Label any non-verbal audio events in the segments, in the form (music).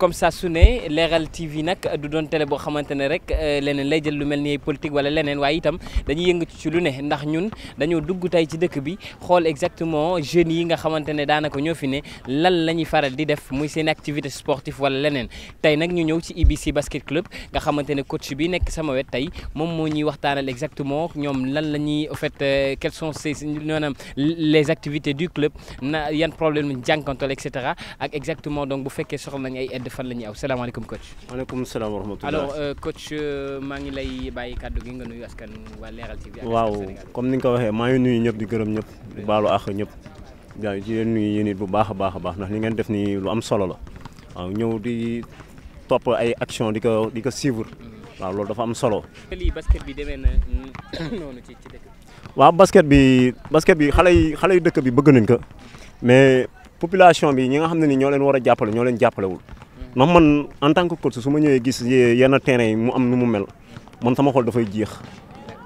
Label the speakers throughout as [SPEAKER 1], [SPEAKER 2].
[SPEAKER 1] comme ça su leeral Leral TV nag du doon télé boo xamante ne rek euh, leneen lay jël lu mel ni ay politique wala leneen waaye itam dañu yëngu ci lu ne ndax ñun dañoo dugg tey ci dëkk bi xool exactement jeunes yi nga xamante ne daanaka ñoo fi ne lan la ñuy faral di def muy seen activité sportive wala leneen tey nag ñu ñëw ci IBC basket club nga xamante ne coach bi nekk sama wet tey moom moo ñuy waxtaanal exactement ñoom lan la ñuy en fait euh, quelles sont ces maanaam les activités du club na yan problème jànkontol et cetera ak exactement donc bu fekkee soxla nañ ay aide fan la ñuy aw salaamaaleykum coach. maaleykum salaam wa rahmatulah. alors euh, coach euh, maa ngi lay bàyyi kàddu gi nga nuyu askan waa Leral TV. waaw
[SPEAKER 2] comme ni nga ko waxee maa ngi nuyu ñëpp di gërëm ñëpp di baalu àq ñëpp di di leen nuyu nii it bu baax a baax a baax ndax li ngeen def nii lu am solo la waaw ñëw di topp ay action di ko di ko suivre. waaw loolu dafa am solo.
[SPEAKER 1] lii bi demee na (coughs) noonu ci ci bi.
[SPEAKER 2] waaw basket bi basket bi xale yi xale yi dëkk bi bëgg nañ ko mais population bi ñi nga xam ne ni ñoo leen war a jàppale ñoo leen jàppalewul ndax man en tant que coach su ma ñëwee gis yenn terrain yi mu am nu mu mel man sama xol dafay jeex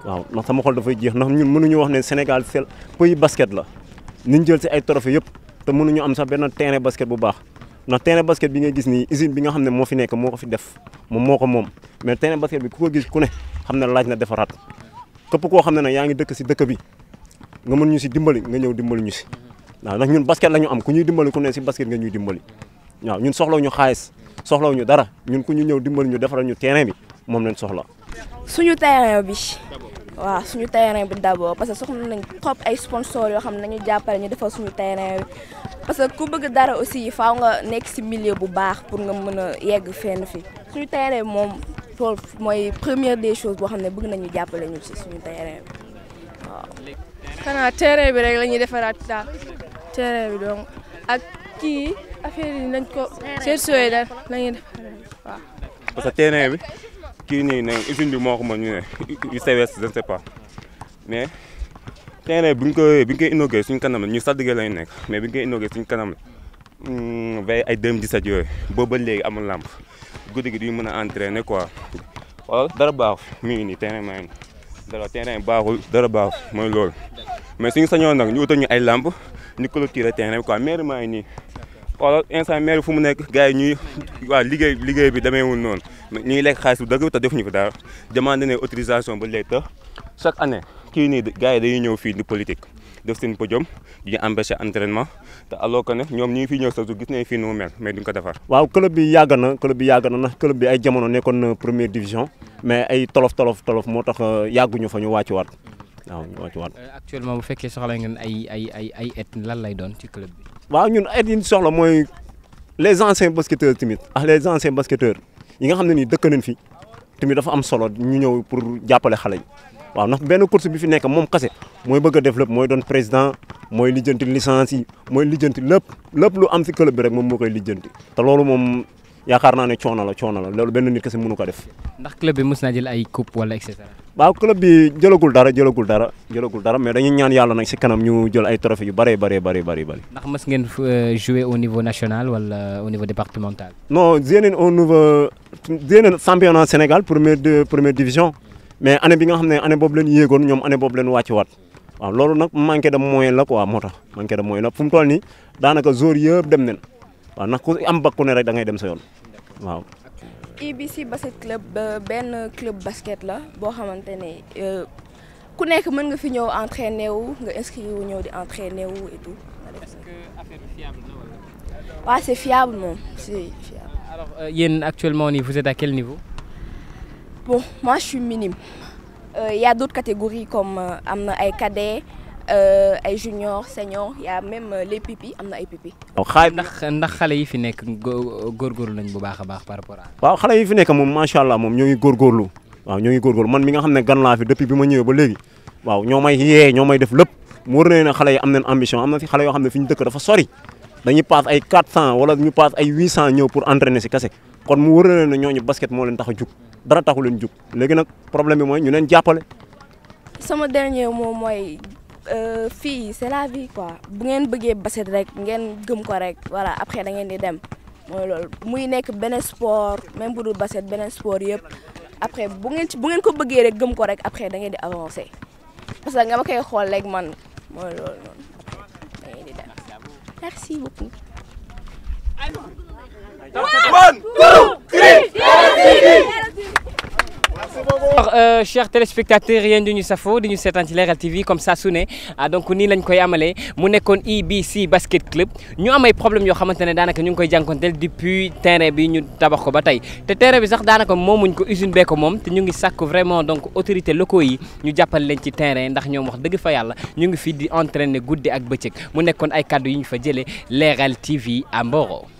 [SPEAKER 2] waaw ndax sama xol dafay jeex nax ñun mënuñu wax ne Sénégal sel pays basket la ñu jël si ay trophée yëpp te mënuñu am sax benn terrain basket bu baax ndax terrain basket bi ngay gis nii usine bi nga xam ne moo fi nekk moo ko fi def moom moo ko moom mais terrain basket bi ku ko gis ku ne xam ne laaj na defaraat képp koo xam ne nag yaa ngi dëkk si dëkk bi nga mën ñu si dimbali nga ñëw dimbali ñu si waaw ndax ñun basket la ñu am ku ñuy dimbali ku ne si basket nga ñuy dimbali waaw ñun soxlaw ñu xaalis soxlaw ñu dara ñun ku ñu ñëw dimbali ñu defaral ñu terrain bi moom nañ soxla.
[SPEAKER 3] suñu terrain bi. waaw suñu terrain bi d'abord parce que soxla nañ trop ay yoo xam ne nañu jàppale ñu defal suñu terrain bi parce que ku bëgg dara aussi faaw nga nekk ci milieu bu baax pour nga mën a yegg fenn fi suñu terrain moom loolu mooy première des choses boo xam ne bëgg nañu jàppale ñu ci suñu terrain
[SPEAKER 1] bi waaw.
[SPEAKER 3] xanaa terrain bi rek la defaraat daal terrain bi donc kii affaire yi nañ ko chercher daal nañu def waaw.
[SPEAKER 2] que terrain bi kii nii ne usine bi moo ko mën ñu ne UCS je ne mais terrain bi ñu ko bi ñu koy inauguré suñu kanam la ñu Sadigué lañu nekk mais bi ñu koy inauguré suñu kanam la hmm, veille ay 2017 yooyu boobu ba léegi amul làmp guddi gi duñu mën a entre quoi wala dara baaxul mu ngi nii terrain maa ngi dara terrain baaxul dara baaxul mooy lool mais suñu sañoon nag ñu utal ñu ay làmp ñu clôturer terrain bi quoi mairie maa wala instant maire fu mu nekk gars yi ñuy waaw liggéey liggéey bi demeewul noonu ñu ngi lekk xaalis bu dëgg te defuñu fi dara demandé ne autorisation ba léegi te chaque kii nii gars yi dañuy ñëw fii di politique def seen podium di empêcher entraînement te alors que ne ñoom ñu fi ñëw sa gis nañ fii nu mu mel mais ko defar. waaw club bi yàgg na club bi yàgg na ndax bi ay jamono nekkoon na première division mais ay tolof tolof tolof moo tax euh, yàgguñu fa ñu wàccuwaat
[SPEAKER 1] waaw ñu wàccuwaat. Euh, actuellement bu fekkee soxla ngeen ay ay ay ay et lan lay doon ci club bi.
[SPEAKER 2] waaw ñun ay yi ñu soxla mooy les anciens basketteurs tamit ah les anciens basketteurs yi nga xam ne nii dëkk nañ fi tamit dafa am solo ñu ñëw pour jàppale xale yi waaw ndax benn course bi fi nekk moom kase mooy bëgg a développe mooy doon président mooy lijjanti licence yi mooy lijjanti lépp lépp lu am si club bi rek moom moo koy lijjanti te loolu moom yaakaar naa ne coono la coono la loolu benn nit kese mënu ko def.
[SPEAKER 1] ndax club bi mës naa jël ay coupe wala et
[SPEAKER 2] waaw club bi jëlagul dara jëlagul dara jëlagul dara mais dañuy ñaan yàlla nag si kanam ñu jël ay trophées yu bëree bëree bëri bëri bëri
[SPEAKER 1] ndax mas ngeen euh, jouer au niveau national wala au niveau départemental
[SPEAKER 2] non joué nañ au niveau joué nañ championnat Sénégal première de première division mais année bi nga xam ne année boobu leen yéegoon ñoom année boobu leen wàcc waat waaw loolu nag manqué de moyen la ko moo tax manqué de moyen la fu mu toll nii daanaka joueurs yëpp dem nañ waaw ndax ku am bakku ne rek da ngay dem sa yoon waaw
[SPEAKER 3] IBC e Basket Club benn club basket la boo xamante ne euh, ku nekk mën nga fi ñëw entraîner wu nga inscrire wu ñëw di entraîner wu et waaw c'est fiable moom c'est fiable. alors
[SPEAKER 1] euh, actuellement nii vous êtes à quel niveau.
[SPEAKER 3] bon moi je suis minime. il euh, y comme am na ay cadets. Euh, ay junior senior y a même euh, les am na ay pipi.
[SPEAKER 1] ndax xale yi fi nekk góorgóorlu nañ bu baax a baax par rapport à.
[SPEAKER 2] waaw xale yi fi nekk moom macha allah moom ñoo ngi góorgóorlu waaw man mi nga xam ne gan laa fi depuis bi ma ñëwee ba léegi waaw ñoo may yee ñoo def lépp mu wër na ne xale yi am nañ ambition am na xale yoo xam ne fi ñu dëkk dafa sori dañuy paas ay 400 a jug dara taxu leen jug léegi nag problème bi mooy ñu leen jàppale.
[SPEAKER 3] sama dernier mot mooy Euh, fii c'est la vie quoi bu ngeen bëggee basket rek ngeen gëm ko rek voilà après da ngeen di dem mooy loolu muy nekk benn sport même bu dul basket benn sport yëpp après bu ngeen ko bëggee rek gëm ko rek après da ngeen di avancer parce que nga ma koy xool rek man mooy loolu noonu da di dem merci beaucoup.
[SPEAKER 1] alors euh, chers téléspectateurs yéen ñu safoo di ñu seetaan ci Leral TV comme ça su ne ah, donc nii lañ koy amalee mu nekkoon IBC e basket club ñu am ay problème yoo xamante ne daanaka ñu ngi koy jànkonteel depuis terrain bi ñu tabax ko ba tey te terrain bi sax daanaka moom moomuñ ko usine bee ko moom te ñu ngi sàkku vraiment donc autorité locaux yi ñu jàppal leen ci terrain ndax ñoom wax dëgg fa yàlla ñu ngi fii di entraîner guddi ak bëccëg mu nekkoon ay kaddu yi ñu fa jëlee Leral TV à Mboro